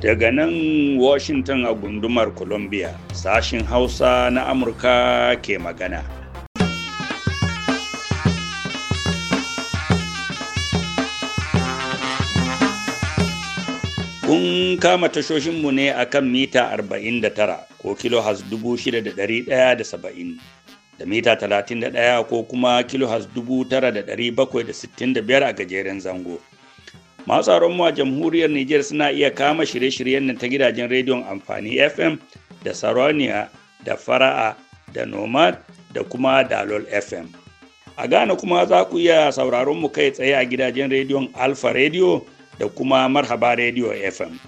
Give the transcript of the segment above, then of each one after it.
Daga nan Washington a gundumar Columbia, sashin Hausa na Amurka ke magana. Kun kama tashoshinmu ne a kan mita 49 ko kilo has 6,170. da mita 31 ko kuma dubu tara da da bakwai sittin da biyar a gajeren zango. Masu mu a jamhuriyar Nijar suna iya kama shirye-shiryen nan ta gidajen rediyon amfani FM da Saroniya da Fara'a da Nomad da kuma Dalol FM. A Ghana kuma za ku iya sauraron mu kai tsaye a gidajen rediyon alfa Radio da kuma Marhaba Radio FM.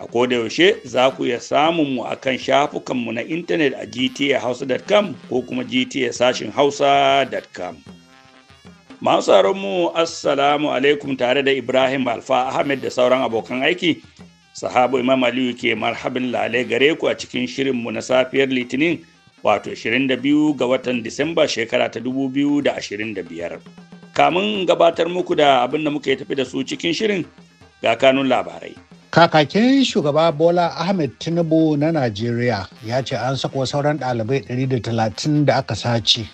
a koda yaushe za ku iya samun mu akan shafukanmu na intanet a gtahausa.com ko kuma gta sashin hausa.com masu mu assalamu alaikum tare da ibrahim alfa ahmed da sauran abokan aiki sahabu imam aliyu ke marhabin lalai gare ku a cikin shirinmu na safiyar litinin wato 22 ga watan disamba shekara ta 2025 kamun gabatar muku da abin da muka yi tafi da su cikin shirin ga kanun labarai Kakakin shugaba Bola Ahmed Tinubu na Najeriya ya ce an sako sauran dalibai 130 da aka sace.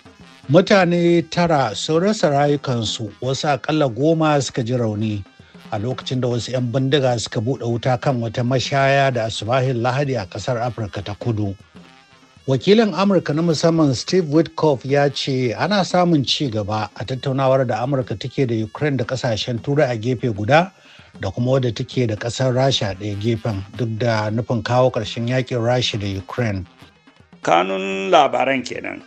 Mutane tara sun rasa rayukansu wasu akalla goma suka ji rauni a lokacin da wasu 'yan bindiga suka buɗe wuta kan wata mashaya da asubahin lahadi a ƙasar Afirka ta kudu. Wakilin Amurka na musamman Steve Witkoff ya ce ana samun ci gaba a tattaunawar da Amurka take da Ukraine da ƙasashen Turai a gefe guda. da kuma wadda take da ƙasar rasha ɗaya gefen duk da nufin kawo ƙarshen yakin rasha da ukraine kanun labaran kenan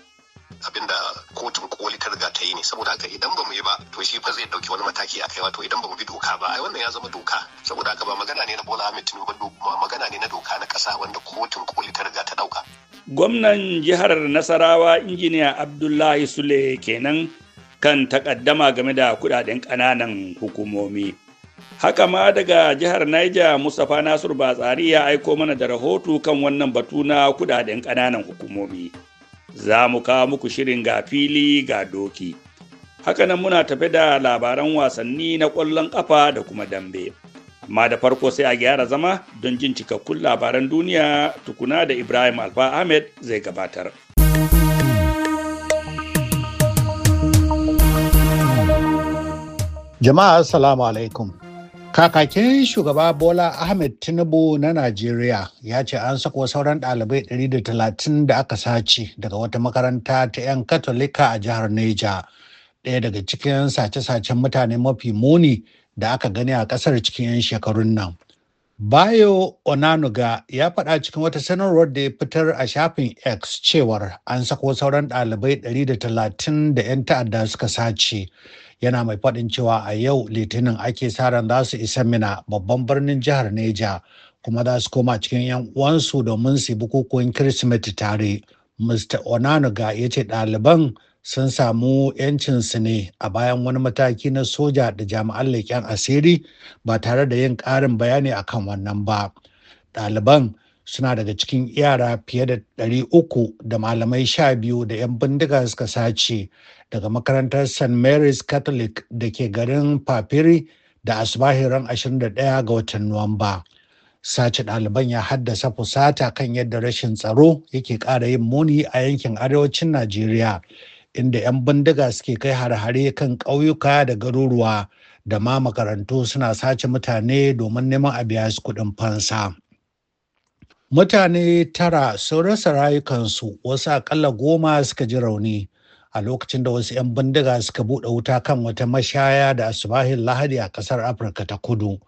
abinda kotun koli ta riga ta yi ne saboda haka idan ba mu yi ba to shi fa zai dauki wani mataki a kai wato idan ba mu bi doka ba ai wannan ya zama doka saboda haka ba magana ne na Bola Ahmed Tinubu ba magana ne na doka na kasa wanda kotun koli ta riga ta dauka gwamnan jihar Nasarawa injiniya Abdullahi Sule kenan kan takaddama game da kudaden kananan hukumomi Haka ma daga jihar Niger Mustapha Nasir Batsari ya aiko mana da rahoto kan wannan batu na kudaden ƙananan hukumomi. Za mu kawo muku shirin ga fili ga doki. Hakanan muna tafe da labaran wasanni na ƙwallon ƙafa da kuma dambe. Amma da farko sai a gyara zama don jin cikakkun labaran duniya tukuna da Ibrahim Alfa Ahmed zai gabatar. Jama'a Assalamu alaikum. Kakakin shugaba Bola Ahmed Tinubu na Najeriya ya ce an sako sauran dalibai 130 da aka sace daga wata makaranta ta 'yan Katolika a jihar Neja. Ɗaya daga cikin sace-sacen mutane mafi muni da aka gani a ƙasar cikin 'yan shekarun nan. Bayo Onanuga ya faɗa cikin wata sanarwar da ya fitar a shafin X cewar an sako sauran ɗalibai 130 da 'yan ta'adda suka sace. yana mai faɗin cewa a yau litinin ake sa ran za su isa mina babban birnin jihar neja kuma za su koma cikin 'yan uwansu domin su bukukuwan kirsimeti tare mr onanuga ya ce ɗaliban sun samu 'yancinsu ne a bayan wani mataki na soja da jami'an leƙen asiri ba tare da yin ƙarin bayani akan wannan ba ɗaliban suna daga cikin yara fiye da 300 da malamai 12 da 'yan bindiga suka sace daga makarantar st mary's catholic da ke garin papiri da asibahi ran 21 ga watan nuwamba sace ɗaliban ya haddasa fusata kan yadda rashin tsaro yake ƙara yin muni a yankin arewacin najeriya inda 'yan bindiga suke kai har-hare kan ƙauyuka da garuruwa da ma makarantu suna sace mutane domin neman a biya su kuɗin fansa. mutane tara sun rasa rayukansu wasu akalla goma suka ji rauni a lokacin da wasu 'yan bindiga suka buɗe wuta kan wata mashaya da asubahin lahadi a ƙasar afirka ta kudu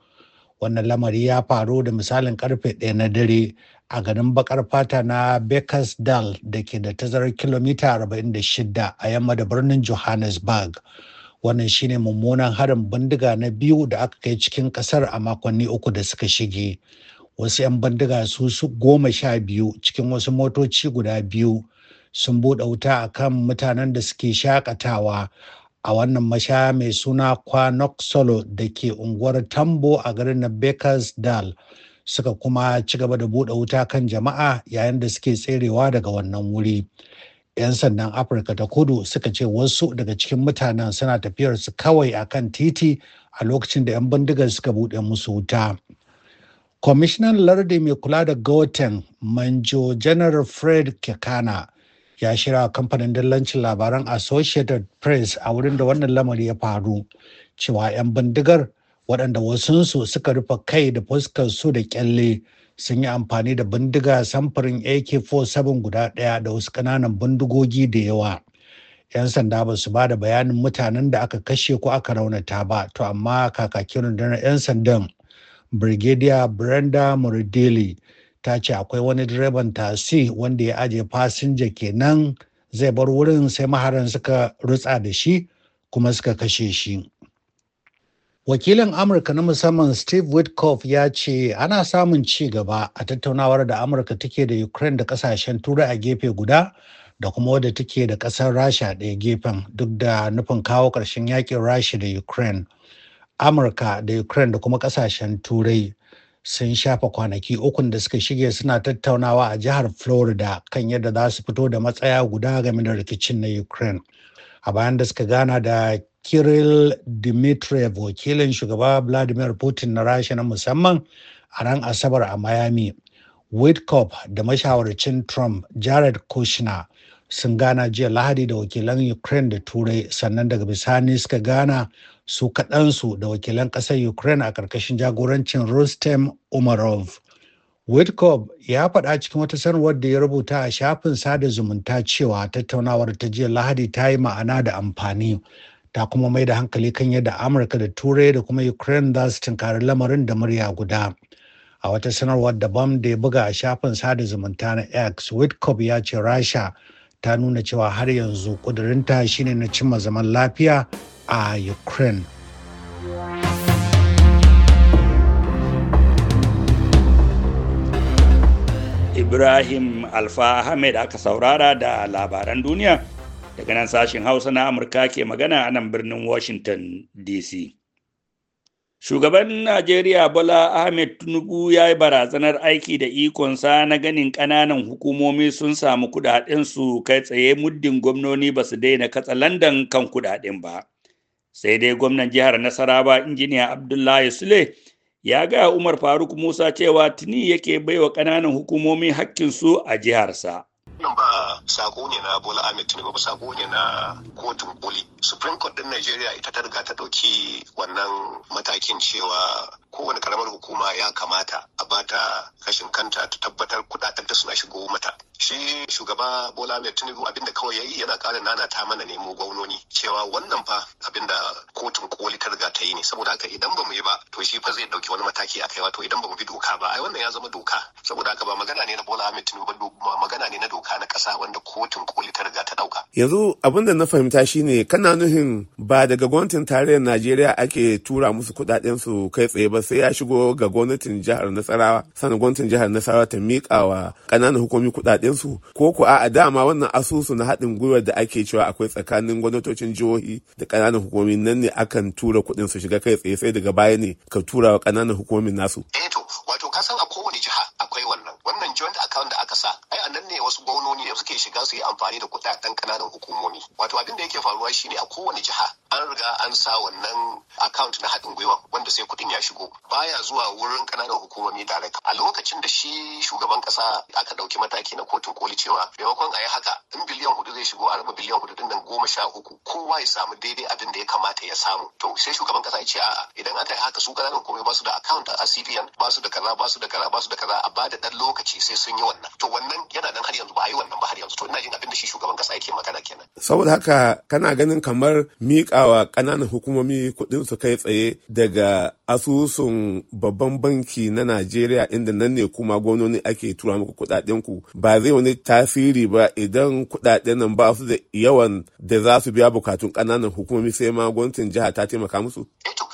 wannan lamari ya faru da misalin karfe ɗaya na dare a garin bakar fata na bakersdal da ke da tazarar kilomita 46 a yamma da birnin johannesburg wannan shine mummunan harin bindiga na biyu da aka kai cikin kasar a makonni uku da suka shige wasu 'yan bandiga su goma sha biyu cikin wasu motoci guda biyu sun buɗe wuta a kan mutanen da suke shakatawa a wannan mashaya mai suna kwanok solo da ke unguwar tambo a garin na suka kuma ci gaba da buɗe wuta kan jama'a yayin da suke tserewa daga wannan wuri 'yan sandan afirka ta kudu suka ce wasu daga cikin mutanen suna tafiyarsu kawai akan titi a lokacin da 'yan bindigar suka buɗe musu wuta kwamishinan lardi mai kula da goten manjo janar fred kekana ya shirya kamfanin dillancin labaran associated press a wurin da wannan lamari ya faru cewa 'yan bindigar waɗanda wasunsu suka rufe kai da fuskar su da kyalle sun yi amfani da bindiga samfurin ak-47 guda ɗaya da wasu ƙananan bindigogi da yawa 'yan sanda ba su ba da bayanin mutanen da aka kashe ko aka raunata ba to amma kakakin rundunar 'yan sandan brigadier brenda muridili ta ce akwai wani direban tasi wanda ya ajiye fasinja kenan zai bar wurin sai maharan suka rutsa da shi kuma suka kashe shi wakilin amurka na musamman steve witkoff ya ce ana samun ci gaba a tattaunawar da amurka take da ukraine da kasashen turai a gefe guda da kuma wadda take da kasar rasha daya gefen duk da nufin kawo ƙarshen yakin rasha da ukraine amurka da ukraine da kuma kasashen turai sun shafa kwanaki ukun da suka shige suna tattaunawa a jihar florida kan yadda za su fito da matsaya guda game da rikicin na ukraine a bayan da suka gana da kirill dmitriev wakilin shugaba vladimir putin na rasha na musamman a ran asabar a miami Whitcock da mashawarcin Trump Jared Kushner sun gana jiya Lahadi da wakilan Ukraine da Turai sannan daga bisani suka gana su kaɗansu da wakilan ƙasar Ukraine a ƙarƙashin jagorancin Rustem Umarov. Whitcob ya faɗa cikin wata sanarwar da ya rubuta a shafin sada zumunta cewa tattaunawar ta jiya Lahadi ta yi ma'ana da amfani. Ta kuma mai da hankali kan yadda Amurka da Turai da kuma Ukraine za su tunkari lamarin da murya guda. A wata sanarwar da bam da ya buga a shafin sada zumunta na X, Whitcob ya ce Rasha ta nuna cewa har yanzu ƙudurinta shine na cimma zaman lafiya a ah, Ukraine. Ibrahim Alfa Ahmed aka saurara da labaran duniya daga nan sashen Hausa na Amurka ke magana a nan birnin Washington DC. Shugaban Najeriya Bola Ahmed Tinubu ya yi barazanar aiki da ikonsa na ganin ƙananan hukumomi sun samu kudaden su kai tsaye muddin gwamnoni ba su daina katsalandan kan kudaden ba. sai dai gwamnan jihar nasaraba injiniya abdullahi sule ya gaya umar faruk musa cewa tuni yake baiwa ƙananan hukumomi hakkinsu a jiharsa ba sako ne na Bola Ahmed tuni ba sako ne na kotun koli. Supreme Court din Najeriya ita ta riga ta ɗauki wannan matakin cewa kowane karamar hukuma ya kamata a bata rashin kanta ta tabbatar kudaden da suna shigo mata shi shugaba bola mai Tunibu abinda kawai yayi yana ƙara nanata mana nemo gwamnoni cewa wannan fa abinda kotun koli ta riga ta yi ne saboda haka idan bamu yi ba to shi fa zai dauki wani mataki a kai wato idan ba mu bi doka ba ai wannan ya zama doka saboda haka ba magana ne na bola mai Tunibu ba magana ne na doka na kasa wanda kotun koli ta riga ta dauka yanzu abin da na fahimta shine kana nuhin ba daga gwamnatin tarayyar najeriya ake tura musu kudaden su kai tsaye ba ba sai ya shigo ga gwamnatin jihar Nasarawa sannan gwamnatin jihar Nasarawa ta miƙa wa ƙananan hukumi kuɗaɗen su ko ko a dama wannan asusu na haɗin gwiwar da ake cewa akwai tsakanin gwamnatocin jihohi da ƙananan hukumomi nan ne akan tura kuɗin su shiga kai tsaye sai daga baya ne ka tura wa ƙananan hukumomin nasu. Eh to wato "Kasan a kowane jiha akwai wannan wannan joint account da aka sa ai a nan ne wasu gwamnoni da suke shiga su yi amfani da kudaden kananan hukumomi wato abin da yake faruwa shine a kowane jiha an riga an sa wannan account na haɗin gwiwa wanda sai kuɗin ya shigo baya zuwa wurin kananan hukumomi direct a lokacin da shi shugaban ƙasa aka ɗauki mataki na kotun koli cewa maimakon a yi haka in biliyan hudu zai shigo a raba biliyan hudu din nan goma sha uku kowa ya samu daidai abin da ya kamata ya samu to sai shugaban ƙasa ya ce a'a idan aka yi haka su kananan hukumomi ba su da account a CBN ba su da kaza ba su da kaza ba su da kaza a ba da ɗan lokaci sai sun yi wannan to wannan yana nan har yanzu ba a yi wannan ba har yanzu to ina jin abin abin da shi shugaban kasa yake magana kenan saboda haka kana ganin kamar miƙawa ƙananan hukumomi kuɗin su kai tsaye daga asusun babban banki na Najeriya inda nan ne kuma gwamnoni ake tura muku kuɗaɗen ku ba zai wani tasiri ba idan kuɗaɗen nan ba su da yawan da za su biya bukatun ƙananan hukumomi sai ma gwamnatin jiha ta taimaka musu. Eh to,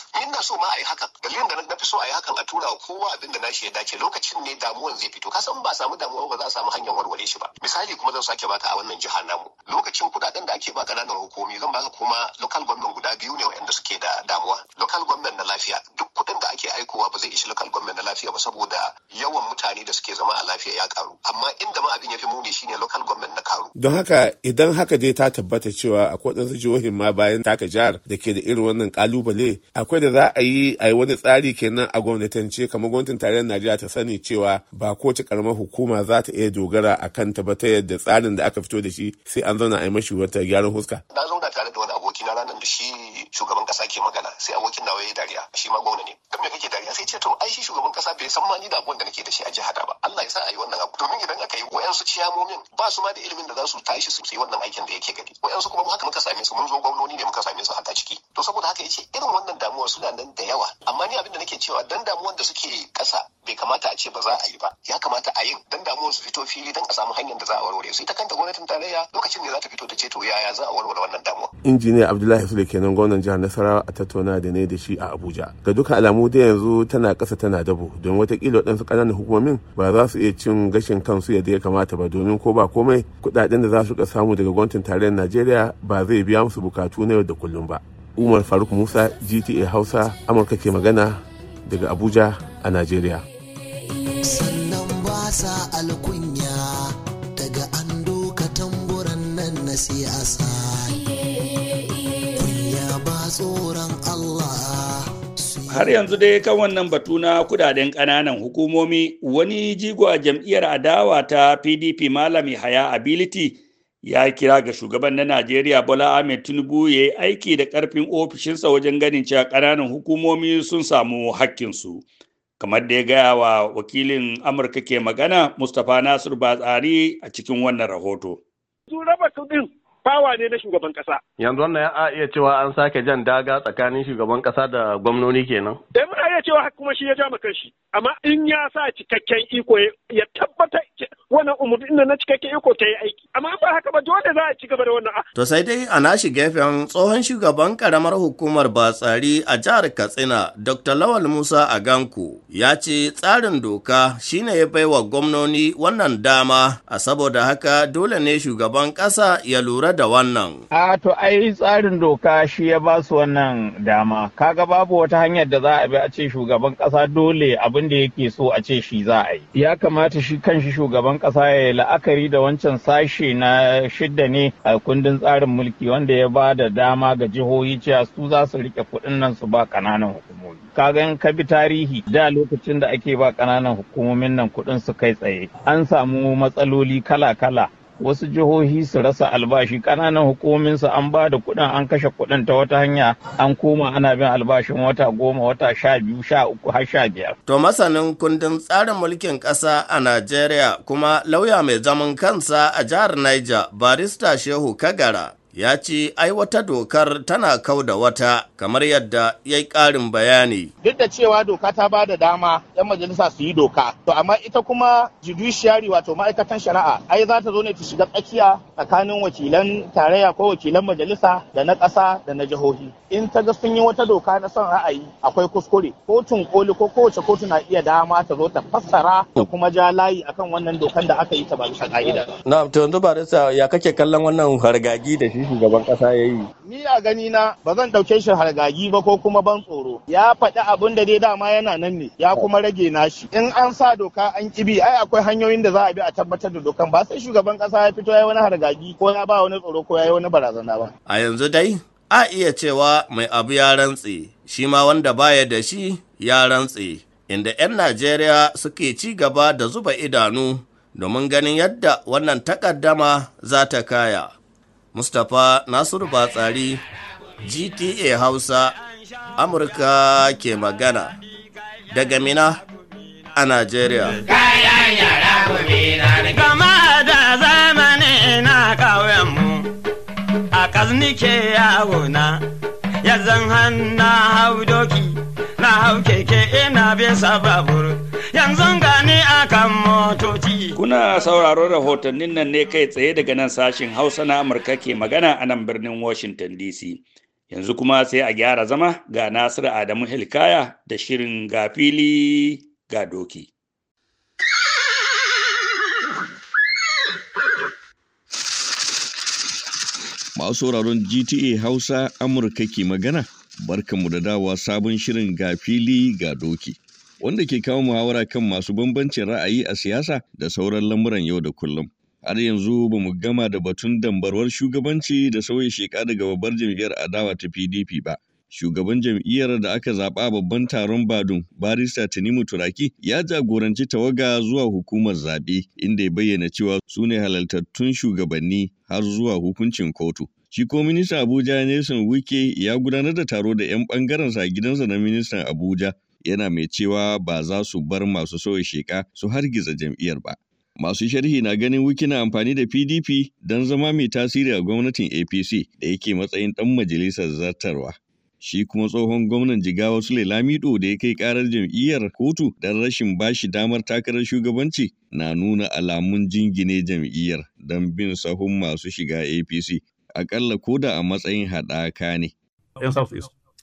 so ma a yi haka dalilin da na fi so a yi hakan a tura ba kowa abin da nashi ya dace lokacin ne damuwan zai fito kasan ba samu damuwa ba za a samu hanyar warware shi ba misali kuma zan sake baka a wannan jihar namu lokacin kudaden da ake ba kananan hukumi zan baka kuma local government guda biyu ne wa'anda suke da damuwa local government na lafiya duk kudin da ake aikowa ba zai ishi local government na lafiya ba saboda yawan mutane da suke zama a lafiya ya karu amma inda ma abin ya fi muni shine local government na karu don haka idan haka dai ta tabbata cewa akwai wadansu jihohin ma bayan taka jihar da ke da irin wannan kalubale akwai da za a yi a yi wani tsari kenan a gwamnatance ce kamar gwamnatin tarayyar najeriya ta sani cewa ba kowace karamar hukuma za ta iya dogara a kan ba ta yadda tsarin da aka fito da shi sai an zauna a yi mashi wata gyaran huska na zauna tare da wani abokina ranar da shi shugaban kasa ke magana sai abokin nawa ya dariya shi ma gwamna ne kan me kake dariya sai ce to ai shi shugaban kasa bai san ma ni da abun da nake da shi a jihar ba Allah ya sa a yi wannan abu domin idan aka yi wayansu ciyamomin ba su ma da ilimin da za su tashi su yi wannan aikin da yake gari wayansu kuma haka muka same su mun zo gwamnoni ne muka same su haka ciki to saboda haka yace irin wannan damuwar suna nan da yawa amma ni abin da nake cewa dan damuwar da suke kasa bai kamata a ce ba za a yi ba ya kamata a yi dan damuwar su fito fili dan a samu hanyar da za a warware su ita kanta gwamnatin tarayya lokacin ne za ta fito ta ce to yaya za a warware wannan damuwa injiniya abdullahi sule kenan gwamnan jihar nasarawa a tattauna da ne da shi a abuja ga duka alamu da yanzu tana ƙasa tana dabo don watakila waɗansu ƙananan hukumomin ba za su iya cin gashin kansu yadda ya kamata ba domin ko ba komai kuɗaɗen da za su ka samu daga gwamnatin tarayyar najeriya ba zai biya musu bukatu na yau da kullum ba umar faruk musa gta hausa amurka ke magana daga abuja a najeriya sannan ba sa alkunya daga an doka tamburan nan na siyasa kunya ba tsoron Allah har yanzu dai kan wannan batu na kudaden kananan hukumomi wani jigo a jam'iyyar adawa ta pdp malami haya ability ya kira ga shugaban na najeriya bola ahmed tinubu ya yi aiki da karfin ofishinsa wajen ganin cewa kananan hukumomi sun samu hakkinsu. su kamar da ya gaya wa wakilin amurka ke magana mustapha nasiru batsari a cikin wannan rahoto su raba fawa ne na shugaban kasa. Yanzu wannan ya iya cewa an sake jan daga tsakanin shugaban kasa da gwamnoni kenan. Eh muna iya cewa kuma shi ya ja maka shi. Amma in ya sa cikakken iko ya tabbata wannan umurnin na cikakken iko ta yi aiki. Amma ba haka ba dole za a ci gaba da wannan. To sai dai a nashi gefen tsohon shugaban karamar hukumar Batsari a jihar Katsina Dr. Lawal Musa Aganku ya ce tsarin doka shine ya baiwa gwamnoni wannan dama a saboda haka dole ne shugaban ƙasa ya lura da wannan? A to ai tsarin doka shi ya ba su wannan dama. Kaga babu wata hanyar da za a bi a ce shugaban kasa dole abin da yake so a ce shi za a yi. Ya kamata shi kan shi shugaban kasa ya yi la'akari da wancan sashe na shidda ne a kundin tsarin mulki wanda ya ba da dama ga jihohi cewa su za su rike kuɗin nan su ba ƙananan hukumomi. Kaga in ka bi tarihi da lokacin da ake ba ƙananan hukumomin nan kuɗin su kai tsaye. An samu matsaloli kala-kala wasu jihohi su rasa albashi ƙananan su an ba da kuɗin an kashe kuɗin ta wata hanya an koma ana bin albashin wata goma wata sha biyu sha uku har sha biyar. To masanin kundin tsarin mulkin ƙasa a Najeriya kuma lauya mai zaman kansa a jihar Niger barista Shehu Kagara ya ce ai wata dokar tana kau da wata kamar yadda ya yi ƙarin bayani. Duk da cewa doka ta ba da dama 'yan majalisa su yi doka, to amma ita kuma judiciary wato ma'aikatan shari'a ai za ta zo ne ta shiga tsakiya tsakanin wakilan tarayya ko wakilan majalisa da na ƙasa da na jihohi. In ta ga sun yi wata doka na son ra'ayi akwai kuskure, kotun koli ko kowace kotu na iya dama ta zo ta fassara da kuma ja layi akan wannan dokan da aka yi ta ba bisa ƙa'ida. Na'am to yanzu ba ya kake kallon wannan hargagi da shi shugaban kasa ya yi ni a gani na ba zan dauke shi hargagi ba ko kuma ban tsoro ya faɗi abun da dai dama yana nan ne ya kuma rage nashi in an sa doka an kibi ai akwai hanyoyin da za a bi a tabbatar da dokan ba sai shugaban kasa ya fito ya wani hargagi ko ya ba wani tsoro ko ya yi wani barazana ba a yanzu dai a iya cewa mai abu ya rantse shi ma wanda baya da shi ya rantse inda 'yan najeriya suke ci gaba da zuba idanu domin ganin yadda wannan takaddama za ta kaya Mustapha Nasiru Batsari GTA Hausa Amurka ke magana daga Mina a Najeriya. Gama da zamani na mu a kaznike yawona, yanzu hannu na hau doki na hau keke ina bin sababuru. yanzu gani akan motoci. Kuna sauraro rahotannin nan ne kai tsaye daga nan sashin Hausa na Amurka ke magana a nan birnin Washington DC. Yanzu kuma sai a gyara zama ga Nasiru Adamu Hilkaya da shirin gafili ga doki. masu sauraron GTA Hausa Amurka ke magana, barkanmu da dawa sabon shirin ga fili ga doki. wanda ke kawo muhawara kan masu bambancin ra'ayi a siyasa da sauran lamuran yau da kullum. Har yanzu ba mu gama da batun dambarwar shugabanci da sauya sheka daga babbar jam'iyyar adawa ta PDP ba. Shugaban jam'iyyar da aka zaɓa babban taron Badun, Barista Tanimu Turaki, ya jagoranci tawaga zuwa hukumar zaɓe, inda ya bayyana cewa su ne halaltattun shugabanni har zuwa hukuncin kotu. Shi ko minista Abuja Nelson Wike ya gudanar da taro da 'yan bangarensa a gidansa na ministan Abuja yana mai cewa ba za su bar masu sauya sheka su hargiza jam'iyyar ba. Masu sharhi na ganin wikina amfani da PDP don zama mai tasiri a gwamnatin APC da yake matsayin ɗan majalisar zartarwa. Shi kuma tsohon gwamnan Jigawa Sule Lamido da ya kai karar jam'iyyar kotu don rashin bashi damar takarar shugabanci na nuna alamun jingine jam'iyyar don bin sahun masu shiga APC. Akalla koda a matsayin haɗaka ne.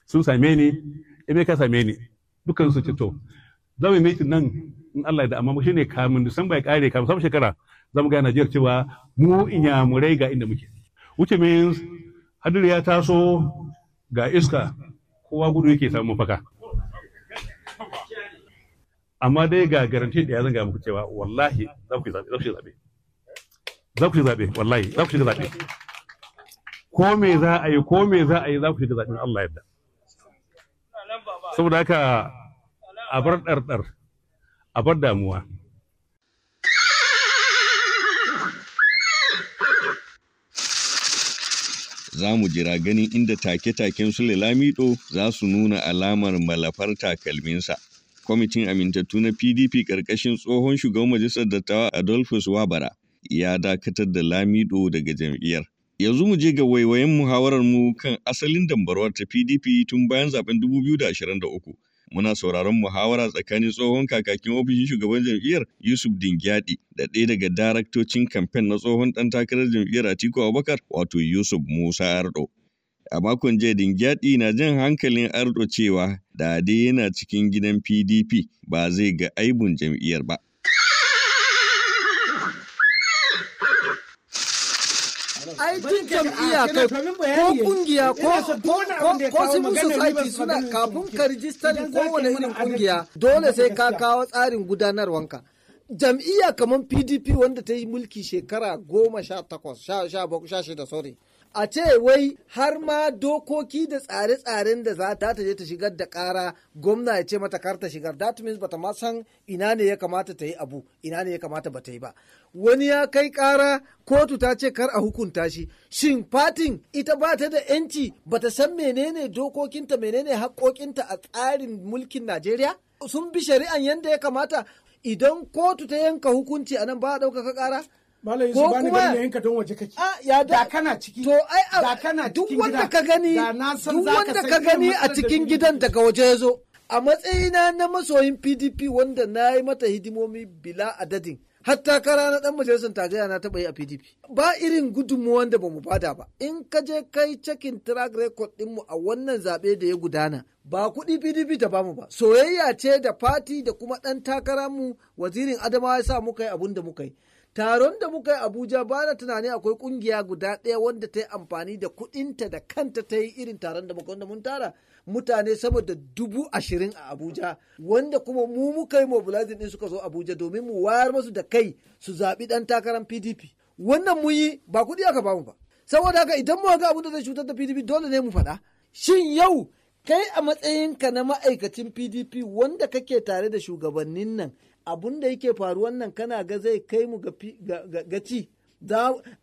sun same ni, ka same ni, dukansu ce mm-hmm. to za mu yi nan in Allah da amma shi ne kamin Disamba ya kare kamin samun shekara za mu gaya Najeriya cewa mu inyamurai ga inda muke wuce means hadir ya taso ga iska kowa gudu yake samun mafaka amma dai ga garanti da ya zanga muku cewa wallahi za ku shi zaɓe za ku shi zaɓe wallahi za ku shiga zaɓe ko me za a yi ko me za a yi za ku shiga zaɓen Allah da. saboda haka a bar ɗarɗar a bar damuwa za mu jira ganin inda take-taken su lamido za su nuna alamar malafar takalminsa. Kwamitin amintattu na PDP ƙarƙashin tsohon shugaban majalisar dattawa Adolphus Wabara ya dakatar da lamido daga jam'iyyar. Yanzu mu je ga waiwayen muhawarar mu kan asalin dambarwar ta PDP tun bayan zaben 2023. Muna sauraron muhawara tsakanin tsohon kakakin ofishin shugaban jam'iyyar Yusuf Dingyadi da ɗaya daga daraktocin kamfen na tsohon ɗan takarar jam'iyyar Atiku Abubakar wato Yusuf Musa Ardo. A makon jiya Dingyadi na jan hankalin Ardo cewa da yana cikin gidan PDP ba zai ga aibun jam'iyyar ba. ai jam'iyya kai ko kungiya ko civil society suna kafin ka rijistar kowane irin kungiya dole sai ka kawo tsarin gudanarwanka jam'iyya kamar pdp wanda ta yi mulki shekara goma sha takwas sha shida sorry a ce wai har ma dokoki da tsare-tsaren da za ta je ta shigar da kara gwamna ya ce mata kar ta shigar that means bata ma san ina ne ya kamata ta yi abu ina ne ya kamata ba ta yi ba wani ya kai kara kotu ta ce kar a hukunta shi shin fatin ita ba ta da yanci bata san menene dokokinta menene haƙoƙinta a tsarin mulkin najeriya sun bi shari'an yanda ya kamata idan kotu ta yanka hukunci a nan ba a ɗaukaka kara Malam Yusuf waje kake. Ya da kana ciki. To ai da kana duk wanda ka gani duk wanda ka gani a cikin gidan daga waje ya zo. A matsayina na masoyin PDP wanda na yi mata hidimomi bila adadin. Hatta kara na dan majalisar tarayya na taɓa yi a PDP. Ba irin gudunmuwan da bamu bada ba. In ka je kai cakin track record mu a wannan zaɓe da ya gudana. Ba kuɗi PDP ta bamu ba. Soyayya ce da fati da kuma ɗan takara mu wazirin Adamawa ya sa muka yi abun da muka yi. taron da muka yi abuja ba na tunani akwai kungiya guda ɗaya wanda ta yi amfani da kuɗinta da kanta ta yi irin taron da muka wanda mun tara mutane saboda dubu ashirin a abuja wanda kuma mu muka yi mobilizing ɗin suka zo abuja domin mu wayar masu da kai su zaɓi ɗan takarar pdp wannan mu yi ba kuɗi aka bamu ba saboda haka idan mu ga abin da zai cutar da pdp dole ne mu faɗa shin yau kai a matsayinka na ma'aikacin pdp wanda kake tare da shugabannin nan abun da yake faru wannan kana ga zai kai mu ga ci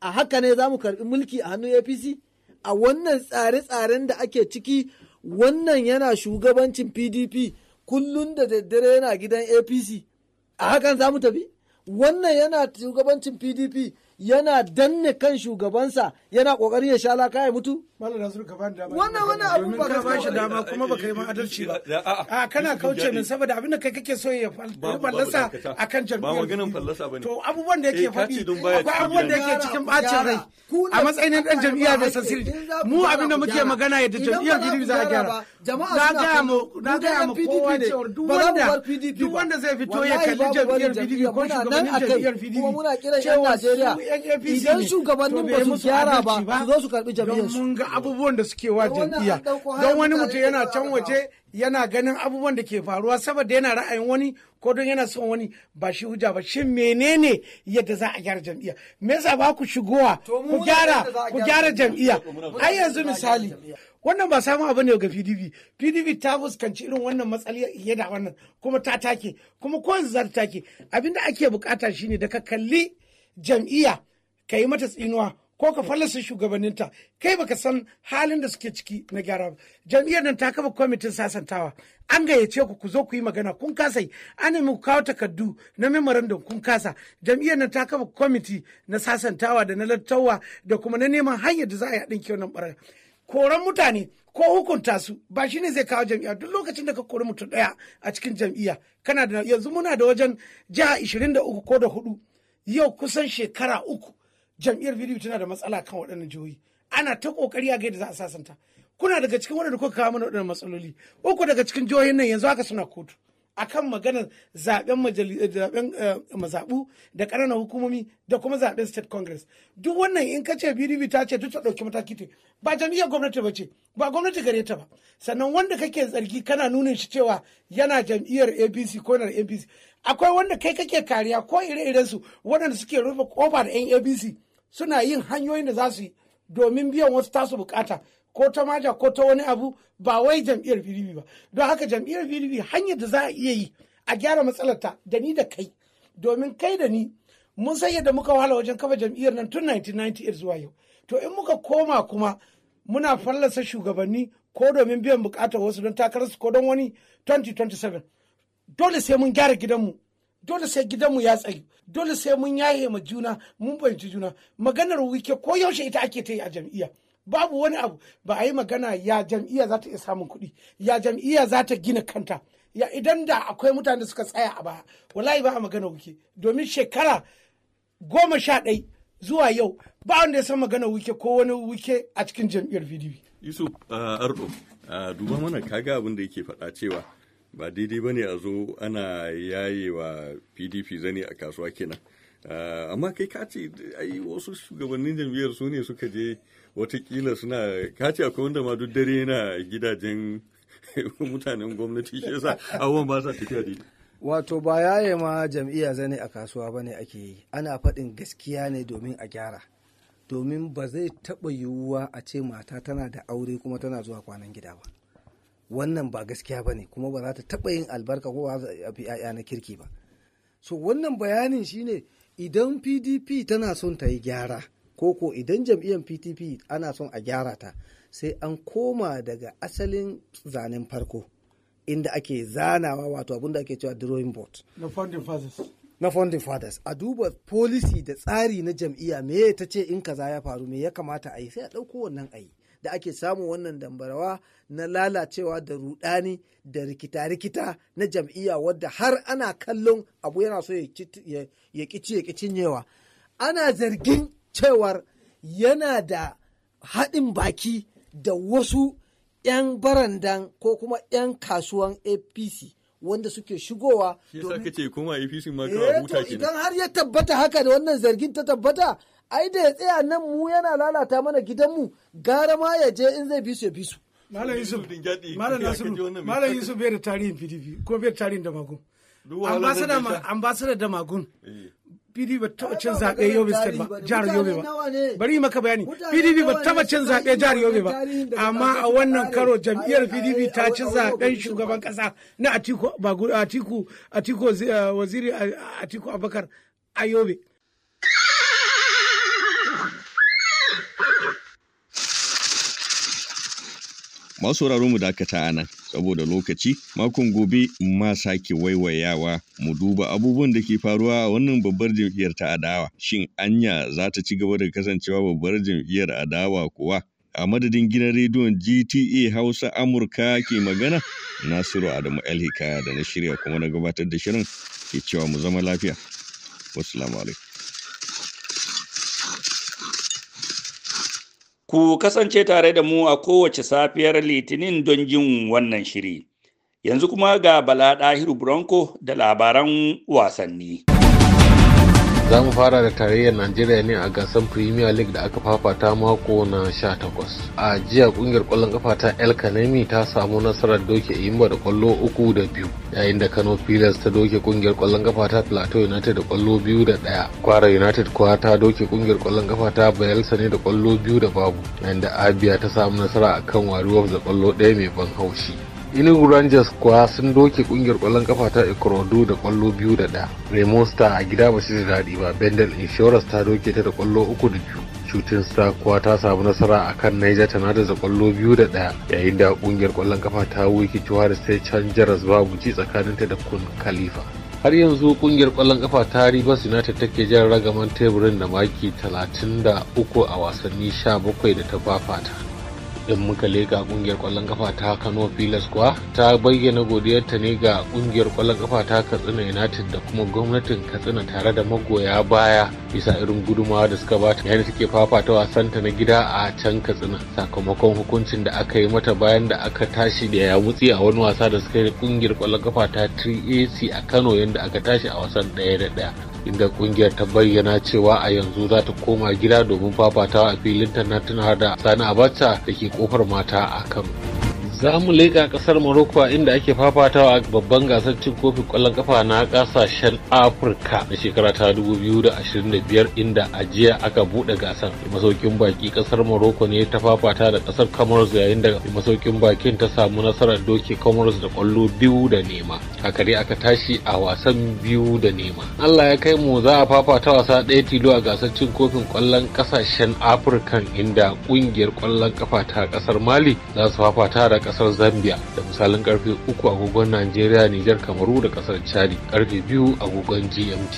a haka ne za mu karbi mulki a hannun apc a wannan tsare-tsaren da ake ciki wannan yana shugabancin pdp kullum da daddare yana gidan apc a hakan za mu tafi wannan yana shugabancin pdp yana danne kan shugabansa yana kokari ya sha laka ya mutu Malam Nasiru ka bani dama. Wannan wani abu ba ka bashi dama kuma ba kai yi adalci ba. A kana kauce min saboda abin da kai kake so ya fallasa akan jam'iyyar. Ba maganin fallasa bane. To abubuwan da yake eh, faɗi akwai abubuwan da yake cikin bacin rai. A matsayin ɗan jami'a da sansiri mu abin da muke magana yadda jami'ar PDP za a gyara. Na gaya mu na gaya mu kowa ne duk wanda duk wanda zai fito ya kalli jam'iyyar PDP ko shugabannin jami'ar PDP. Kuma muna kiran 'yan Najeriya idan shugabannin ba su gyara ba su zo su karɓi jami'ar su. abubuwan da suke wa jam'iyya don wani mutum yana can waje yana ganin abubuwan da ke faruwa saboda yana ra'ayin wani ko don yana son wani ba shi hujja ba shin menene yadda za a gyara jam'iyya me yasa ba ku shigowa ku gyara ku gyara jam'iyya ai yanzu misali wannan ba samu abu ne ga PDP PDP ta fuskanci irin wannan matsali fiye da wannan kuma ta take kuma ko yanzu za ta take abinda ake bukata shine da ka kalli jam'iyya ka yi mata tsinuwa ko ka fallasa ta kai baka san halin da suke ciki na gyara ba jam'iyyar nan ta kafa kwamitin sasantawa an gayyace ku ku zo ku yi magana kun kasa an nemi ku kawo takardu na memorandum kun kasa jam'iyyar nan ta kafa kwamiti na sasantawa da na lattawa da kuma na neman hanyar da za a yi haɗin kyau nan ɓarar koran mutane ko hukunta su ba shi ne zai kawo jami'a duk lokacin da ka kori mutum ɗaya a cikin jam'iyya kana da yanzu muna da wajen jiha uku ko da hudu yau kusan shekara uku jam'iyyar PDP tana da matsala kan waɗannan jihohi ana ta kokari a ga yadda za a sasanta kuna daga cikin waɗanda kuka kawo mana waɗannan matsaloli uku daga cikin jihohin nan yanzu haka suna kotu akan maganar zaben zaben mazabu da ƙananan hukumomi da kuma zaben state congress duk wannan in ka ce pdp ta ce duk ta ɗauki mataki te ba jam'iyyar gwamnati ba ce ba gwamnati gare ta ba sannan wanda kake zargi kana nunin shi cewa yana jam'iyyar apc ko yana abc akwai wanda kai kake kariya ko ire-irensu waɗanda suke rufe kofa da yan apc suna yin hanyoyin da za su yi domin biyan wasu tasu bukata ko ta maja ko ta wani abu ba wai jam'iyyar pdp ba don haka jam'iyyar pdp hanyar da za a iya yi a gyara matsalar ta da ni da kai domin kai da ni mun san yadda muka wahala wajen kafa jam'iyyar nan tun 1998 zuwa yau to in muka koma kuma muna fallasa shugabanni ko domin biyan bukatar wasu don takararsu ko don wani 2027 dole sai mun gyara gidanmu dole sai gidanmu ya tsayu dole sai mun yaye ma juna mun fahimci juna maganar wike ko yaushe ita ake ta yi a jam'iyya babu wani abu ba a yi magana ya jam'iyya za ta iya samun kuɗi ya jam'iyya za ta gina kanta ya idan da akwai mutane da suka tsaya a baya wallahi ba a magana wike domin shekara goma sha ɗai zuwa yau ba wanda ya san magana wike ko wani wike a cikin jam'iyyar pdp yusuf uh, ardo uh, duba mana kaga abin da yake faɗa cewa ba daidai ba ne a zo ana yaye wa pdp zane a kasuwa kenan ah, amma kai kaci ce ai wasu shugabannin jam'iyyar su ne suka je watakila suna kaci akwai wanda ma duk dare yana gidajen mutanen gwamnati shi yasa abubuwan ba sa tafiya daidai wato ba yaye ma jam'iyya zane a kasuwa ba ne ake yi ana faɗin gaskiya ne domin a gyara domin ba zai taɓa yiwuwa a ce mata tana da aure kuma tana zuwa kwanan gida ba wannan ba gaskiya ba ne kuma ba za ta taɓa yin albarka ko ba za ‘ya'ya na kirki ba so wannan bayanin shine idan pdp tana son ta yi gyara ko ko idan jam'iyyar pdp ana son a gyara ta sai an koma daga asalin zanen farko inda ake zanawa wato abinda ake cewa drawing board na founding fathers na founding fathers a duba policy da tsari na jam'iyya me ta ce in kaza ya faru me ya kamata a yi sai a ɗauko wannan a yi da ake samun wannan dambarawa na lalacewa da rudani da rikita-rikita na jam'iyya wadda har ana kallon abu yana so ya kici ya cinyewa ana zargin cewar yana da haɗin baki da wasu 'yan barandan ko kuma 'yan kasuwan apc wanda suke shigowa. Shi kace kuma APC ma kawai eh, ke Idan har ya tabbata haka da wannan zargin ta tabbata ai da ya tsaya nan mu yana lalata mana gidanmu gara ma ya je in zai bi su ya bi su malam yusuf malam nasiru malam yusuf bai da tarihin pdp ko bai da tarihin damagun ambasada damagun pdp eh. ba taɓa cin zaɓe yobe state ba jihar yobe ba bari maka bayani pdp ba taɓa cin zaɓe jihar yobe ba amma a wannan karo jam'iyyar pdp ta ci zaɓen shugaban ƙasa na atiku atiku atiku eh, waziri eh, atiku abakar a yobe masu sauraro mu dakata a nan saboda lokaci makon gobe ma sake waiwayawa mu duba abubuwan da ke faruwa a wannan babbar jam'iyyar ta adawa shin anya za ta ci gaba da kasancewa babbar jam'iyyar adawa kuwa a madadin gidan rediyon gta hausa amurka ke magana nasiru adamu hikaya da na shirya kuma na gabatar da shirin ke cewa mu zama lafiya wasu alaikum Ku kasance tare da mu a kowace safiyar Litinin don jin wannan shiri. Yanzu kuma ga Bala Ɗahiru Bronco da labaran wasanni. za mu fara da tarayyar najeriya ne a gasar premier league da aka fafata mako na 18 a jiya kungiyar kwallon kafa ta el kanemi ta samu nasarar doke imba da kwallo uku da biyu yayin da kano pillars ta doke kungiyar kwallon kafa ta plateau united da kwallo biyu da daya kwara united kuwa ta doke kungiyar kwallon kafa ta bayelsa ne da kwallo biyu da babu yayin da abia ta samu nasara akan wari da kwallo daya mai ban haushi inu rangers kuwa sun doke kungiyar kwallon kafa ta ikorodu da kwallo biyu da ɗaya raymond star a gida ba da daɗi ba bendel insurance ta doke ta da kwallo uku da biyu shooting star kuwa ta samu nasara a kan niger tanada da kwallo biyu da ɗaya yayin da kungiyar kwallon kafa ta wiki da sai can jaras babu ci tsakanin ta da kun khalifa har yanzu kungiyar kwallon kafa ta rivers united take jan ragaman teburin da maki 33 a wasanni 17 da ta fafata din muka leka kungiyar kwallon kafa ta Kano filas kuwa ta bayyana godiyarta ne ga kungiyar kwallon kafa ta Katsina United da kuma gwamnatin Katsina tare da magoya baya bisa irin gudumawa da suka bata yayin take fafata wasanta na gida a can Katsina sakamakon hukuncin da aka yi mata bayan da aka tashi da ya mutsi a wani wasa da suka yi kungiyar kwallon kafa ta 3AC a Kano yadda aka tashi a wasan ɗaya da ɗaya inda kungiyar ta bayyana cewa a yanzu za ta koma gida domin fafatawa a filin ta na har da sani abacha da ke kofar mata a kan. za mu leƙa ƙasar morocco inda ake fafatawa a babban gasar cin kofin ƙwallon kafa na ƙasashen afirka na shekara ta 2025 inda a jiya aka buɗe gasar masaukin baki ƙasar morocco ne ta fafata da ƙasar comoros yayin da masaukin bakin ta samu nasarar doke comoros da ƙwallo biyu da nema haka kare aka tashi a wasan biyu da nema allah ya kai mu za a fafata wasa ɗaya tilo a gasar cin kofin ƙwallon ƙasashen afirka inda ƙungiyar ƙwallon kafa ta ƙasar mali za su fafata da kasar Zambia da misalin karfe 3 agogon Najeriya, Niger, Kamaru da kasar Chadi karfe 2 agogon GMT.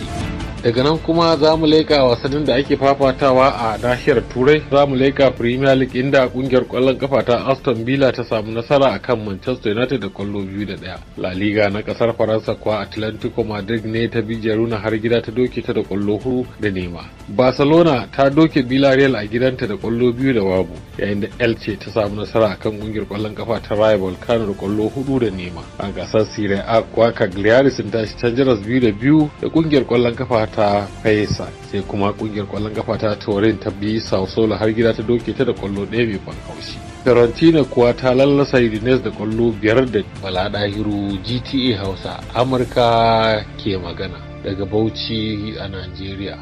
Daga nan kuma za mu leƙa wasannin da ake fafatawa a nahiyar Turai za mu leƙa Premier League inda kungiyar kwallon kafa ta Aston Villa ta samu nasara akan Manchester United da kwallo biyu da ɗaya. La Liga na kasar Faransa kuwa Atlantico Madrid ne ta bi Jaruna har gida ta doke ta da kwallo huru da nema. Barcelona ta doke Villarreal a gidanta da kwallo biyu da babu yayin da Elche ta samu nasara akan kungiyar ƙwallon kafa ta rival volcano da kwallo hudu da nema a gasar sire a kwaka gliari sun tashi can jaras biyu da biyu da kungiyar kwallon kafa ta faisa sai kuma kungiyar kwallon kafa ta torin ta bi sao sola har gida ta doke ta da kwallo ɗaya mai ban haushi Fiorentina kuwa ta lallasa Udinese da kwallo biyar da Bala Dahiru GTA Hausa Amurka ke magana daga Bauchi a Najeriya.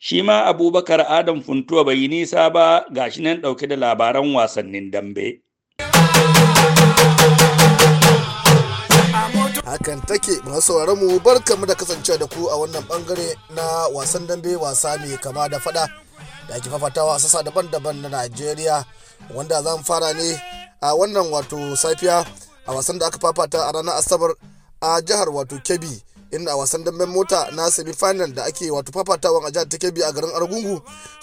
shi ma abubakar adam funtuwa bai nisa ba ga gashi nan ɗauke da labaran wasannin dambe hakan take masu mu barkamu da kasancewa da ku a wannan bangare na wasan dambe wasa mai kama da fada da ake fafatawa a sassa daban-daban na najeriya wanda zan fara ne a wannan wato safiya a wasan da aka fafata a ranar asabar a jihar wato kebbi inda wasan damben mota na semi final da ake wato fafatawan a jihar ta kebbi a garin argungu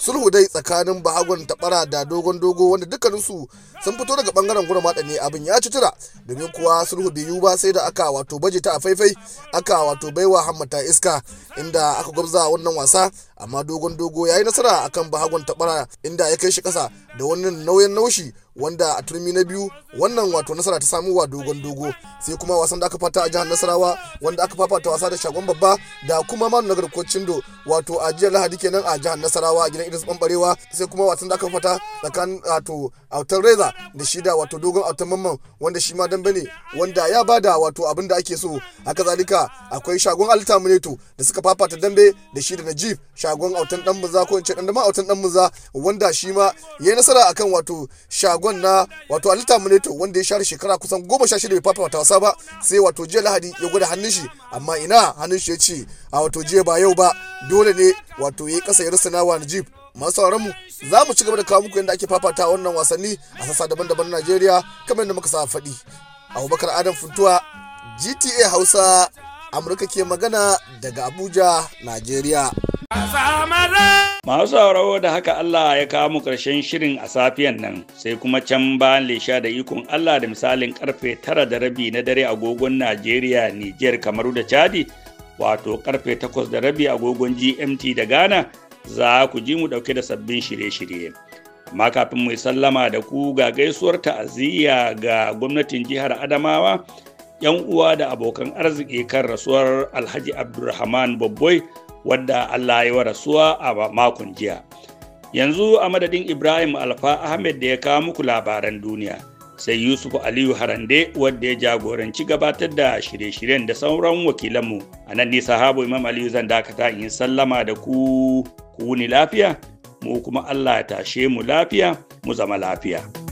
sulhu dai tsakanin bahagon tabara da dogon dogo wanda dukkaninsu sun fito daga bangaren gurin maɗa ne abin ya ci tura domin kuwa sulhu biyu ba sai da aka wato baje ta a faifai aka wato baiwa hammata iska inda aka gwabza wannan wasa amma dogon dogo ya yi nasara akan bahagon tabara inda ya kai shi kasa da wani nauyin naushi wanda a turmi na biyu wannan wato nasara ta samu wa dogon dogo sai kuma wasan da aka fata a jihar nasarawa wanda aka fafata wasa da shagon babba da kuma manu nagar cindo wato a jiyar lahadi kenan a jihar nasarawa a gidan idris bambarewa sai kuma wasan da aka fata tsakanin wato autar reza da shi da wato dogon autar mamman wanda shi ma dambe ne wanda ya bada wato abin da ake so haka zalika akwai shagon mineto da suka fafata dambe da shi da najib shagon autan dan muza ko in ce dan autan dan muza wanda shi ma yayi nasara akan wato shagon na wato Alita Muneto wanda ya share shekara kusan goma sha shida bai wasa ba sai wato jiya Lahadi ya gwada hannun shi amma ina hannun shi ya ce a wato jiya ba yau ba dole ne wato yayi kasa ya rusuna wa Najib masu mu za mu ci gaba da kawo muku yadda ake fafata wannan wasanni a sassa daban-daban na Najeriya kamar yadda muka sa faɗi. Abubakar Adam futuwa GTA Hausa Amurka ke magana daga Abuja, Najeriya. Masu sauraro da haka Allah ya kawo mu karshen shirin a safiyan nan sai kuma can bayan lesha da ikon Allah da misalin karfe tara da rabi na dare agogon Najeriya, Nijar, Kamaru da Chadi wato karfe takwas da rabi agogon GMT da Ghana za ku ji mu ɗauke da sabbin shirye-shirye. amma kafin mu sallama da ku ga gaisuwar ta'aziyya ga gwamnatin jihar adamawa yan uwa da abokan arziki kan rasuwar alhaji abdulrahman babboi wadda Allah ya wa rasuwa a makon jiya. Yanzu a madadin Ibrahim Alfa Ahmed da ya kawo muku labaran duniya, sai Yusuf Aliyu Harande wadda ya jagoranci gabatar da shirye-shiryen da sauran wakilanmu. A nan ne sahabo Imam Aliyu zan dakata in sallama da ku ku ni lafiya, mu kuma Allah ya tashe mu lafiya, mu zama lafiya.